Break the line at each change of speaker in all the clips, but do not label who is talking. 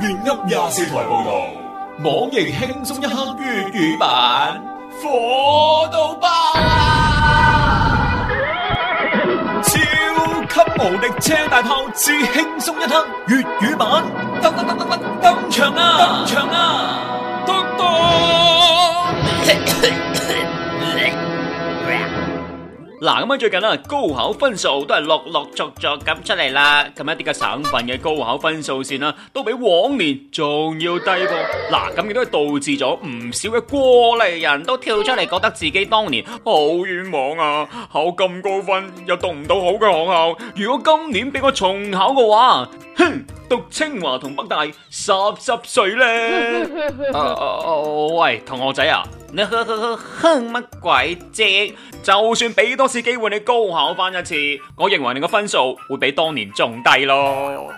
原音亞視台報道，網易輕鬆一刻粵語版，火到爆啊！ 超級無敵車大炮之輕鬆一刻粵語版，登登登登登」，登場啊！登場啊！噔噔、啊。登嗱，咁啊最近啦，高考分數都係陸陸續續咁出嚟啦。咁一啲嘅省份嘅高考分數線啦，都比往年仲要低過。嗱，咁亦都係導致咗唔少嘅過嚟人都跳出嚟，覺得自己當年好冤枉啊！考咁高分又讀唔到好嘅學校，如果今年俾我重考嘅話，哼。讀清華同北大濕濕碎咧，喂，同學仔啊，你哼乜鬼啫？就算俾多次機會你高考翻一次，我認為你個分數會比當年仲低咯。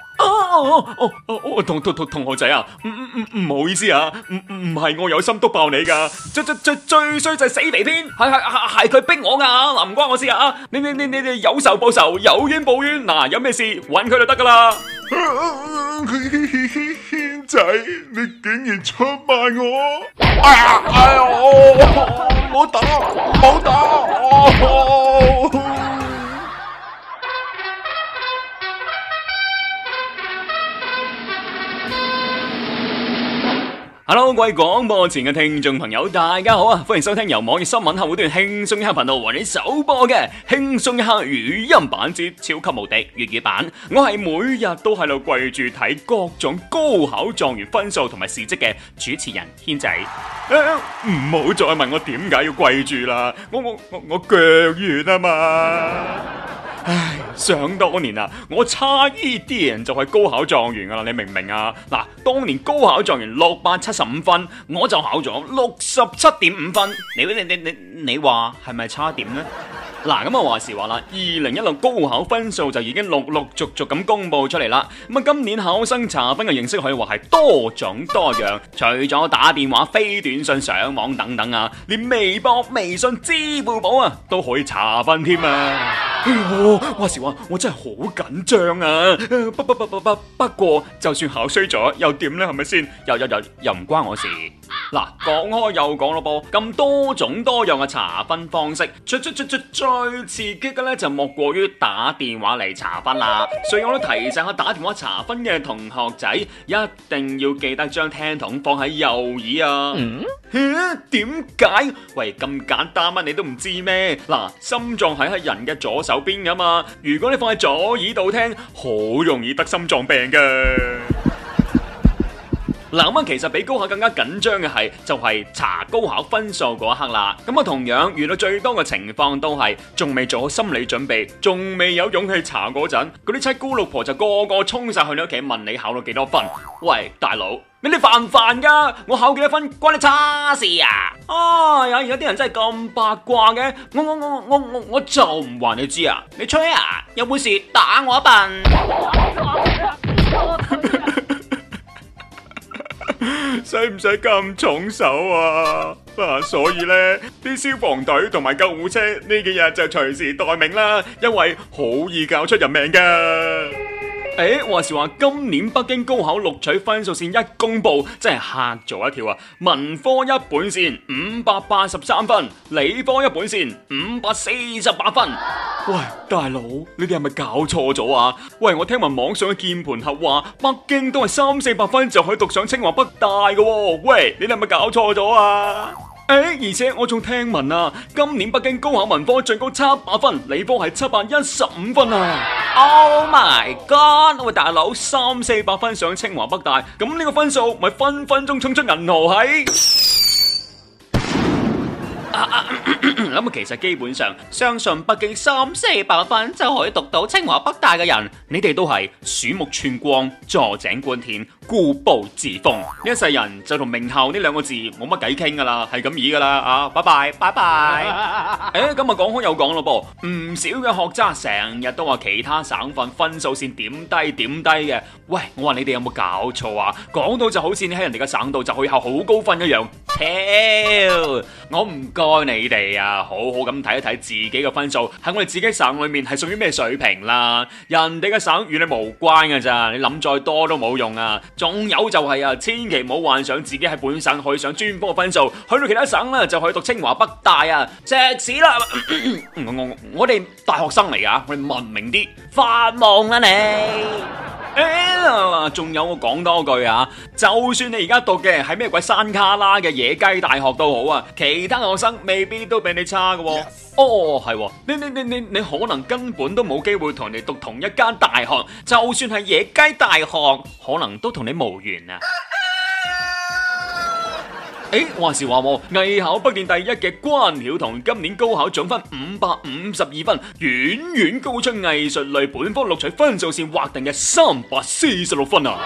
同同同同學仔啊，唔唔唔唔好意思啊，唔唔係我有心督爆你噶，最最最最衰就係死肥編，係係係佢逼我噶，嗱，唔關我事啊，你你你你哋有仇報仇，有冤報冤，嗱，有咩事揾佢就得噶啦。哼，
軒仔，你竟然出賣我！哎呀，哎呦，我、哦哦哦哦、打，我打。哦哦哦哦。
Hello，各位廣播前嘅聽眾朋友，大家好啊！歡迎收聽由網易新聞客戶端輕鬆一刻頻道為你首播嘅輕鬆一刻語音版之超級無敵粵語版。我係每日都喺度跪住睇各種高考狀元分數同埋事迹嘅主持人軒仔。
哎，唔
好再問我點解要跪住啦！我我我我腳軟啊嘛～唉，想當年啊，我差依啲人就係高考狀元㗎啦，你明唔明啊？嗱，當年高考狀元六百七十五分，我就考咗六十七點五分，你你你你你話係咪差點呢？嗱、啊，咁啊話時話啦，二零一六高考分數就已經陸陸續續咁公布出嚟啦。咁啊，今年考生查分嘅形式可以話係多種多樣，除咗打電話、飛短信、上網等等啊，連微博、微信、支付寶啊都可以查分添啊。話時話，我真係好緊張啊！不不不不不，不過就算考衰咗又點呢？係咪先？又又又又唔關我事。嗱，講開又講咯噃，咁多種多樣嘅查分方式，最最最最最刺激嘅咧就莫過於打電話嚟查分啦。所以我都提醒下打電話查分嘅同學仔，一定要記得將聽筒放喺右耳啊。嗯，點解？喂，咁簡單乜你都唔知咩？嗱，心臟喺喺人嘅左手邊噶嘛，如果你放喺左耳度聽，好容易得心臟病噶。嗱，咁啊，其實比高考更加緊張嘅係，就係查高考分數嗰一刻啦。咁啊，同樣遇到最多嘅情況都係，仲未做好心理準備，仲未有勇氣查嗰陣，嗰啲七姑六婆就個個衝晒去你屋企問你考到幾多分。喂，大佬，你哋煩唔煩噶？我考幾多分關你叉事啊！啊、哎，而家啲人真係咁八卦嘅，我我我我我我就唔話你知啊！你吹啊！有本事打我一笨。 使唔使咁重手啊？啊，所以呢啲消防隊同埋救護車呢幾日就隨時待命啦，因為好易搞出人命噶。話時話，今年北京高考錄取分數線一公布，真係嚇咗一跳啊！文科一本線五百八十三分，理科一本線五百四十八分。喂，大佬，你哋係咪搞錯咗啊？喂，我聽聞網上嘅鍵盤俠話，北京都係三四百分就可以讀上清華北大嘅。喂，你哋係咪搞錯咗啊？誒，而且我仲聽聞啊，今年北京高考文科最高七百分，理科係七百一十五分啊！Oh my god！我大佬三四百分上清華北大，咁呢個分數咪分分鐘衝出銀河系？ 咁啊，其實基本上，相信北京三四百分就可以讀到清華北大嘅人，你哋都係鼠目寸光、坐井觀天、固步自封呢 一世人就同名校呢兩個字冇乜偈傾噶啦，係咁意噶啦啊！拜拜拜拜！誒、 哎，今日講開又講咯噃，唔少嘅學渣成日都話其他省份分數線點低點低嘅，喂，我話你哋有冇搞錯啊？講到就好似你喺人哋嘅省度就可以考好高分一樣，超，我唔覺。開你哋啊，好好咁睇一睇自己嘅分數，喺我哋自己省裏面係屬於咩水平啦。人哋嘅省與你無關㗎咋，你諗再多都冇用啊。仲有就係啊，千祈唔好幻想自己喺本省去上專科嘅分數，去到其他省咧就去讀清華北大啊，食屎啦！咳咳，我哋大學生嚟啊，我哋文明啲，發夢啊你。 啊，仲有我講多句啊！就算你而家讀嘅係咩鬼山卡拉嘅野雞大學都好啊，其他學生未必都比你差嘅。哦，係、Yes. 哦哦，你你你你你可能根本都冇機會同人哋讀同一間大學，就算係野雞大學，可能都同你無緣啊！誒、欸，話時話我藝考北電第一嘅關曉彤，今年高考總分五百五十二分，遠遠高出藝術類本科錄取分數綫劃定嘅三百四十六分啊！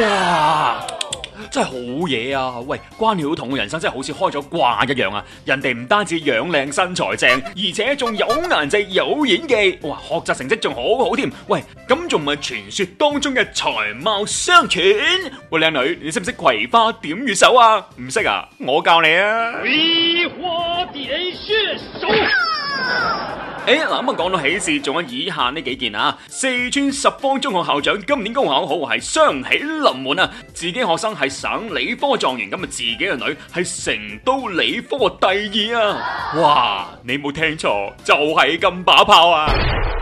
哇、yeah！真係好嘢啊！喂，關曉彤嘅人生真係好似開咗掛一樣啊！人哋唔單止樣靚身材正，而且仲有顏值有演技，哇！學習成績仲好好添。喂，咁仲唔係傳說當中嘅才貌雙全？喂，靚女，你識唔識葵花點穴手啊？唔識啊，我教你啊！葵花點穴手！誒，嗱，咁講到喜事，仲有以下呢幾件啊。四川十方中學校長今年高考好係雙喜臨門啊，自己學生係省理科的狀元，咁啊自己嘅女係成都理科第二啊。哇，你冇聽錯，就係咁把炮啊！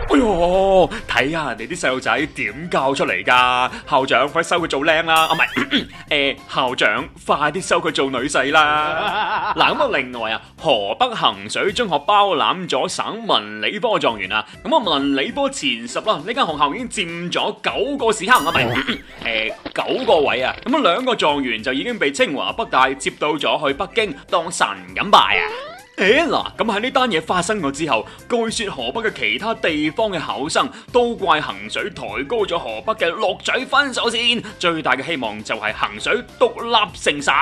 哎喲，睇下人哋啲細路仔點教出嚟噶？校長快收佢做靚啦！啊唔係，誒、欸，校長快啲收佢做女婿啦！嗱，咁啊，另外啊，河北衡水中學包攬咗省文理科狀元啊！咁啊，文理科前十啦，呢間學校已經佔咗九個時刻啊，唔 係，誒、呃，九個位啊！咁啊，兩個狀元就已經被清華北大接到咗去北京當神咁拜啊！.誒，嗱，咁喺呢單嘢發生咗之後，據說河北嘅其他地方嘅考生都怪衡水抬高咗河北嘅錄取分數線，最大嘅希望就係衡水獨立成省。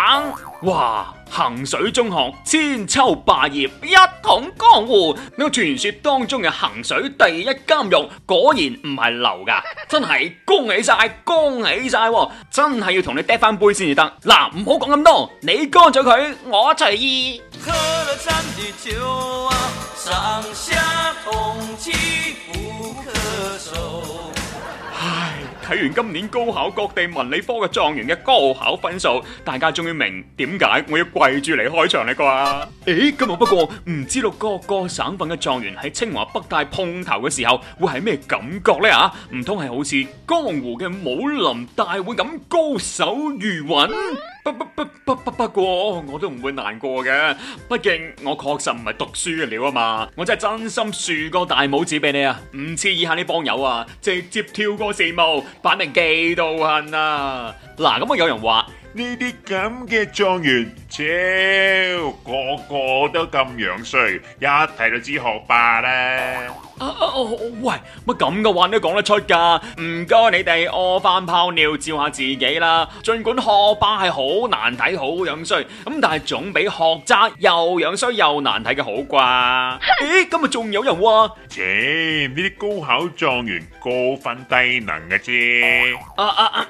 哇，衡水中學千秋霸業一統江湖，呢、那個傳說當中嘅衡水第一監獄果然唔係流噶，真係恭喜晒，恭喜晒，真係要同你爹翻杯先至得。嗱、啊，唔好講咁多，你乾咗佢，我隨意。唉，睇完今年高考各地文理科嘅狀元嘅高考分數，大家終於明點解我要跪住嚟開場呢？啩？誒，今日不過唔知道各個省份嘅狀元喺清華北大碰頭嘅時候會係咩感覺呢？啊？唔通係好似江湖嘅武林大會咁高手如雲？不不不不不不，不，不過我都唔會難過嘅，畢竟我確實唔係讀書嘅料啊嘛，我真係真心豎個大拇指俾你啊，唔似以下呢幫友啊，直接跳過字幕，擺明嫉妒恨啊！
嗱，咁啊有人話呢啲咁嘅狀元。超個個都咁樣衰，一睇就知學霸啦！
啊哦
喂，乜咁嘅話都講得出噶？唔該你哋屙翻泡尿照下自己啦。盡管學霸係好難睇好樣衰，咁但係總比學渣又樣衰又難睇嘅好啩？咦，今日仲有人喎？切，呢
啲高考狀元高分低能嘅啫。
啊啊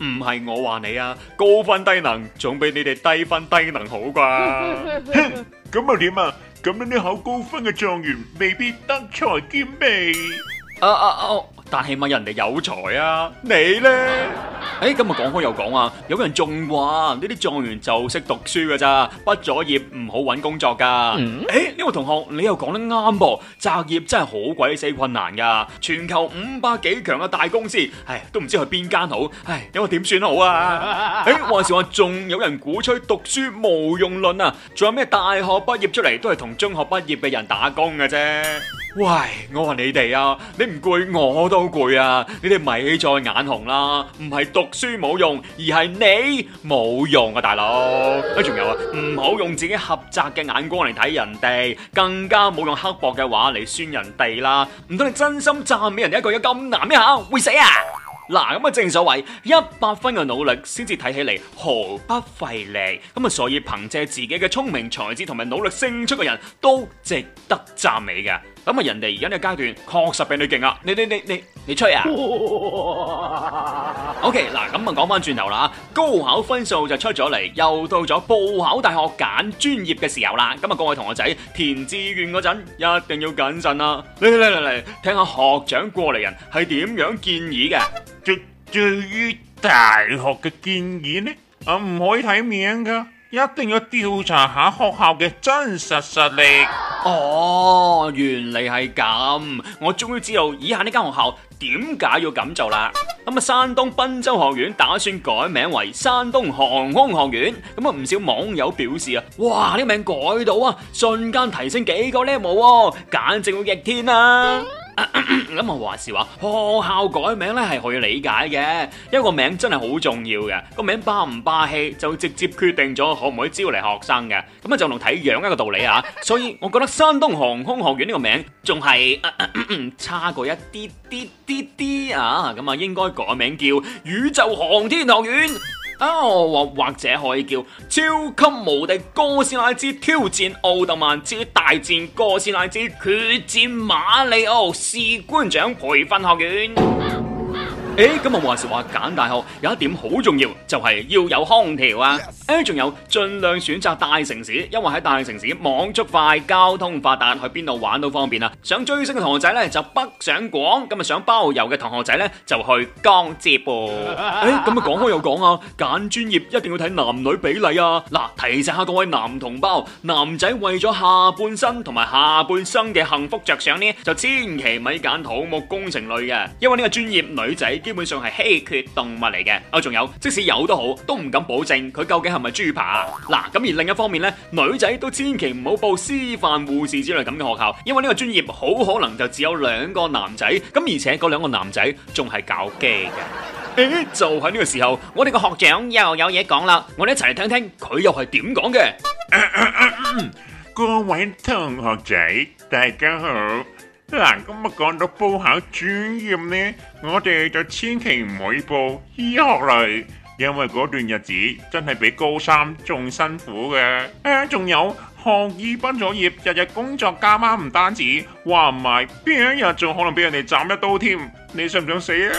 唔
係我話你啊，高分低能總比你哋低分低性能好啩？
哼，
咁又點啊？咁樣啲考高分嘅狀元未必德才兼備。啊啊哦！但起碼人哋有才啊，你呢？誒、嗯，咁啊
講開又講啊，有人仲話呢啲狀元就識讀書㗎，咋，畢咗業唔好搵工作噶。誒、嗯，呢、欸、位、這個、同學你又講得啱噃，擇業真係好鬼死困難噶。全球五百幾強嘅大公司，唉，都唔知去邊間好，唉，因為點算好啊？誒、嗯欸，話時話仲有人鼓吹讀書無用論啊？仲有咩大學畢業出嚟都係同中學畢業嘅人打工嘅啫？喂，我話你哋啊，你唔攰我都攰啊！你哋咪再眼紅啦，唔係讀書冇用，而係你冇用啊，大佬。咁仲有啊，唔好用自己狹窄嘅眼光嚟睇人哋，更加冇用刻薄嘅話嚟酸人哋啦。唔通你真心讚美人一句，有咁難咩？下會死啊？嗱，咁啊，正所謂一百分嘅努力先至睇起嚟毫不費力，咁啊，所以憑借自己嘅聰明才智同埋努力勝出嘅人都值得讚美嘅。咁啊，人哋而家嘅階段確實比你勁啊！你你你你你吹啊？O K，嗱，咁啊，講翻轉頭啦吓，高考分數就出咗嚟，又到咗報考大學揀專業嘅時候啦。咁啊，各位同學仔填志願嗰陣一定要謹慎啊。嚟嚟嚟嚟，聽下
學長過嚟人係點樣建議嘅。就對於大學嘅建議呢，啊唔可以睇名，噶。一定要調查下學校嘅真實實力。哦，原嚟係咁，我終於
知道以下呢間學校點解要咁做啦。咁、嗯、啊，山東濱州學院打算改名為山東航空學院。咁、嗯、啊，唔少網友表示啊，哇，呢、這個名改到啊，瞬間提升幾個 level 喎、啊，簡直會逆天啦、啊！咁啊，咳咳，話時話，學校改名咧係可以理解嘅，因為一個名真係好重要嘅，個名霸唔霸氣就直接決定咗可唔可以招嚟學生嘅，咁啊就同睇樣一個道理啊，所以我覺得山東航空學院呢個名仲係、啊、差過一啲啲啲啲啊，咁啊應該改名叫宇宙航天學院。啊、哦，或或者可以叫超級無敵哥斯拉之挑戰奧特曼之大戰哥斯拉之決戰馬里奧士官長培訓學院。誒、欸，咁啊，話時話揀大學，有一點好重要，就係、是、要有空調啊！誒、yes.，仲有盡量選擇大城市，因為喺大城市網速快，交通發達，去邊度玩都方便啊。想追星嘅同學仔呢，就北上廣；咁啊，想包郵嘅同學仔呢，就去江浙噃。誒，咁啊，講 開、欸、又講啊，揀專業一定要睇男女比例啊！嗱，提醒下各位男同胞，男仔為咗下半身同埋下半生嘅幸福着想呢，就千祈咪揀土木工程類嘅，因為呢個專業女仔。基本上係稀缺動物嚟嘅，啊，仲有，即使有都好，都唔敢保證佢究竟係咪豬扒嗱、啊，咁、啊、而另一方面呢，女仔都千祈唔好報師範護士之類咁嘅學校，因為呢個專業好可能就只有兩個男仔，咁、啊、而且嗰兩個男仔仲係搞基嘅。 就喺呢個時候，我哋個學長又有嘢講啦，我哋一齊嚟聽聽佢又係點講嘅。
各位同學仔，大家好。嗱，今日講到報考專業呢，我哋就千祈唔會報醫學類，因為嗰段日子真係比高三仲辛苦嘅。誒，仲有學醫畢咗業，日日工作加班唔單止，話唔埋邊一日仲可能俾人哋斬一刀添，你想唔想死啊？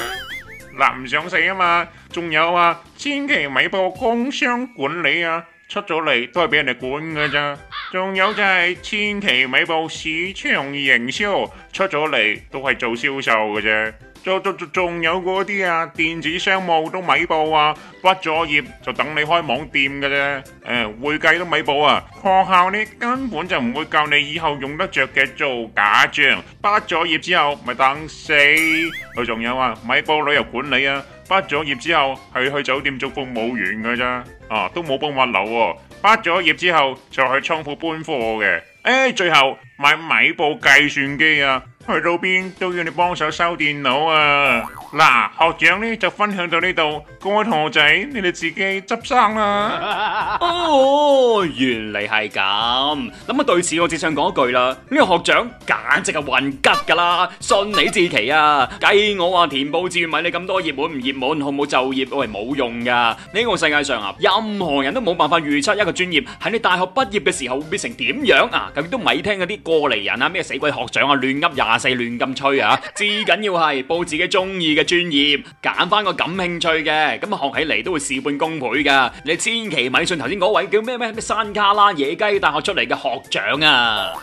嗱，唔想死啊嘛。仲有啊，千祈唔可以報工商管理啊，出咗嚟都係俾人哋管噶咋。仲有就係千祈咪報市場營銷，出咗嚟，都係做銷售嘅啫，做做做。仲有嗰啲啊電子商務都咪報啊，畢咗業就等你開網店嘅啫，誒，會計都咪報啊，學校呢根本就唔會教你以後用得着嘅，做假賬，畢咗業之後咪等死，佢。仲有啊，咪報旅遊管理啊，畢咗業之後係去酒店做服務員嘅啫，啊都冇幫物流。畢咗業之後就去倉庫搬貨嘅，誒、哎，最後買唔買部計算機啊！去到邊都要你幫手收電腦啊！嗱，學長呢就分享到呢度，各位同學仔你哋自己執生啦。哦，原嚟係咁，
咁對此我只想講一句啦，呢個學長簡直係混吉噶啦，信你至奇啊！計我話填報志願咪你咁多熱門唔熱門，好唔好就業，都係冇用噶。呢個世界上啊，任何人都冇辦法預測一個專業喺你大學畢業嘅時候會變成點樣啊！咁都咪聽嗰啲過嚟人啊，咩死鬼學長啊亂噏廿。細亂咁吹啊！至緊要係報自己中意嘅專業，揀翻個感興趣嘅，咁學起嚟都會事半功倍嘅。你千祈咪信頭先嗰位叫咩咩咩山卡拉野雞大學出嚟
嘅學長啊！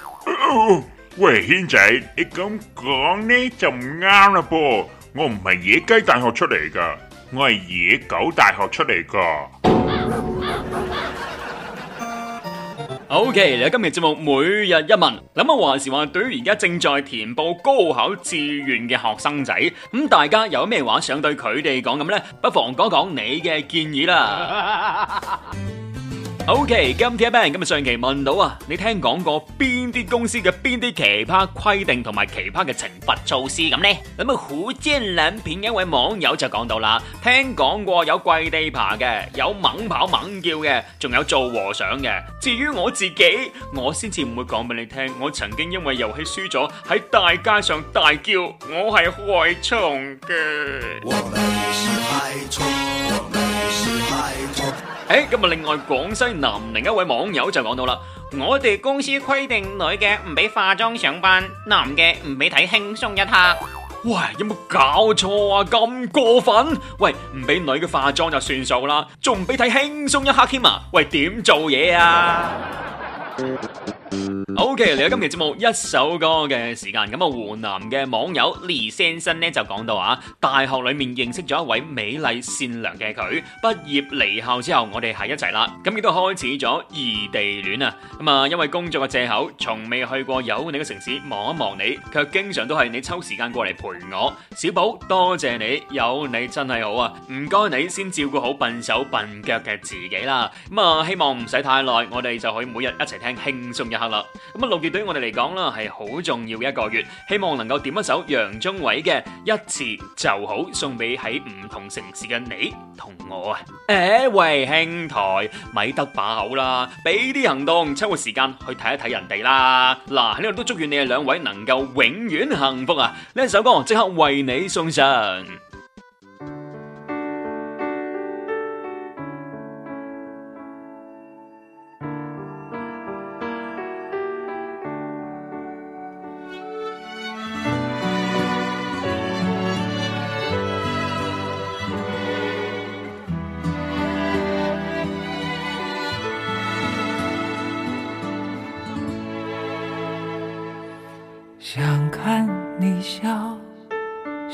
喂，軒仔，你咁講呢就唔啱啦噃，我唔係野雞大學出嚟噶，我係野狗大學出嚟噶。Ok，
嚟到今日節目每日一問，諗下話時話，對於而家正在填報高考志願嘅學生仔，咁大家有咩話想對佢哋講咁呢？不妨講講你嘅建議啦。 O K，今日啊 Ben，今日上期問到啊，你聽講過邊啲公司嘅邊啲奇葩規定同埋奇葩嘅懲罰措施咁咧？有咩好尖？兩片嘅一位網友就講到啦，聽講過有跪地爬嘅，有猛跑猛叫嘅，仲有做和尚嘅。至於我自己，我先至唔會講俾你聽。我曾經因為遊戲輸咗，喺大街上大叫，我係害蟲嘅。誒、欸，今日另外廣西南寧一位網友就講到啦，我哋公司規定女嘅唔俾化妝上班，男嘅唔俾睇輕鬆一刻。喂，有冇搞錯啊？咁過分？喂，唔俾女嘅化妝就算數啦，仲唔俾睇輕鬆一刻添啊？喂，點做嘢啊？ O.K. 嚟到今期節目一首歌嘅時間，咁啊湖南嘅網友李先生呢就講到啊，大學裏面認識咗一位美麗善良嘅佢，畢業離校之後我哋喺一齊啦，咁亦都開始咗異地戀啊。咁啊因為工作嘅借口，從未去過有你嘅城市望一望你，卻經常都係你抽時間過嚟陪我。小寶多謝你，有你真係好啊，唔該你先照顧好笨手笨腳嘅自己啦。咁啊希望唔使太耐，我哋就可以每日一齊聽輕鬆嘅。吓啦，咁啊六月對於我哋嚟講啦，係好重要嘅一個月，希望能夠點一首楊宗緯嘅一次就好，送俾喺唔同城市嘅你同我啊！誒，喂，兄台，咪得把口啦，俾啲行動，抽個時間去睇一睇人哋啦。嗱，喺呢度都祝願你哋兩位能夠永遠幸福啊！呢一首歌即刻為你送上。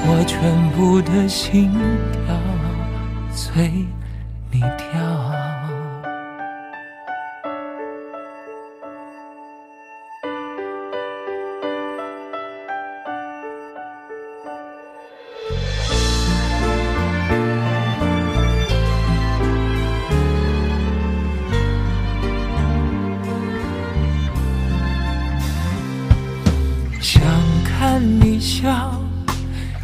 我全部的心跳，隨你跳。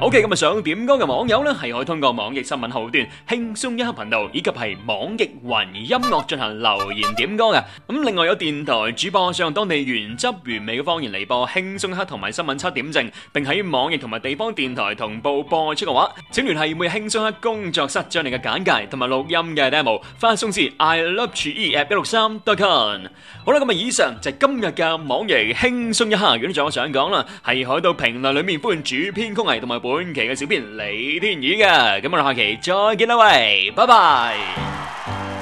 Ok，咁啊想點歌嘅網友呢，係可以通過網易新聞號段「輕鬆一刻」頻道以及係網易雲音樂進行留言點歌嘅。咁另外有電台主播使用當地原汁原味嘅方言嚟播輕鬆一刻同埋新聞七點正，並喺網易同埋地方電台同步播出嘅話，請聯繫每日輕鬆一刻工作室將你嘅簡介同埋錄音嘅 demo 發送至 I Love GE at 一六三 .com。好啦，咁啊以上就係今日嘅網易輕鬆一刻。如果你仲我想講啦，係喺度評論裏面歡迎主編曲藝同埋。本期嘅小編李天宇嘅，咁我哋下期再見啦，喂，
拜拜。